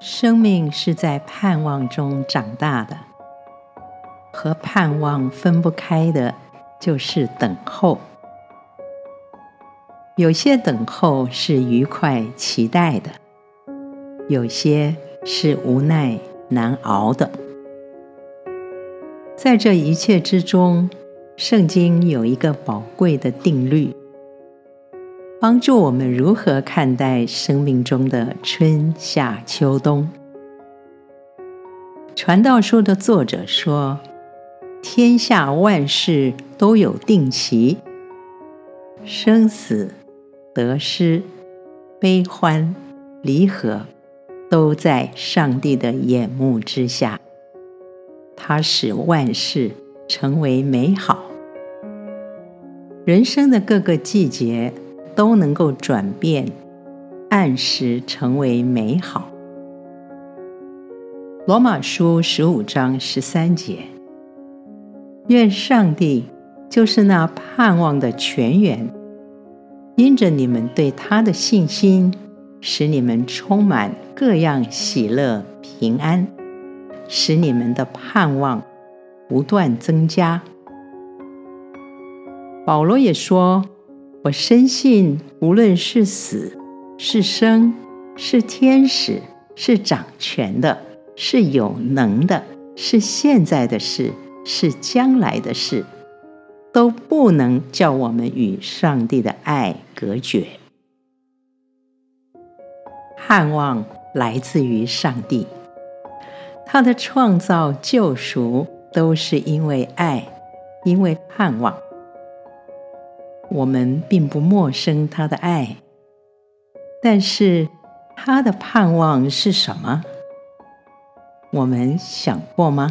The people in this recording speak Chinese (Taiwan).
生命是在盼望中長大的，和盼望分不開的就是等候。有些等候是愉快期待的，有些是無奈難熬的。在這一切之中，聖經有一個寶貴的定律。幫助我們如何看待生命中的春夏秋冬。傳道書的作者說：“天下萬事都有定期，生死、得失、悲歡、離合，都在上帝的眼目之下。祂使萬事成為美好，人生的各個季節。”都能夠轉變，按時成為美好。羅馬書十五章十三節，願上帝就是那盼望的泉源，因着你們對他的信心，使你們充滿各樣喜樂平安，使你們的盼望不斷增加。保羅也說。我深信，無論是死是生，是天使，是掌權的，是有能的，是現在的事，是將來的事，都不能叫我們與上帝的愛隔絕。盼望來自於上帝，他的創造、救贖都是因為愛，因為盼望。我們並不陌生他的愛，但是他的盼望是什麼？我們想過嗎？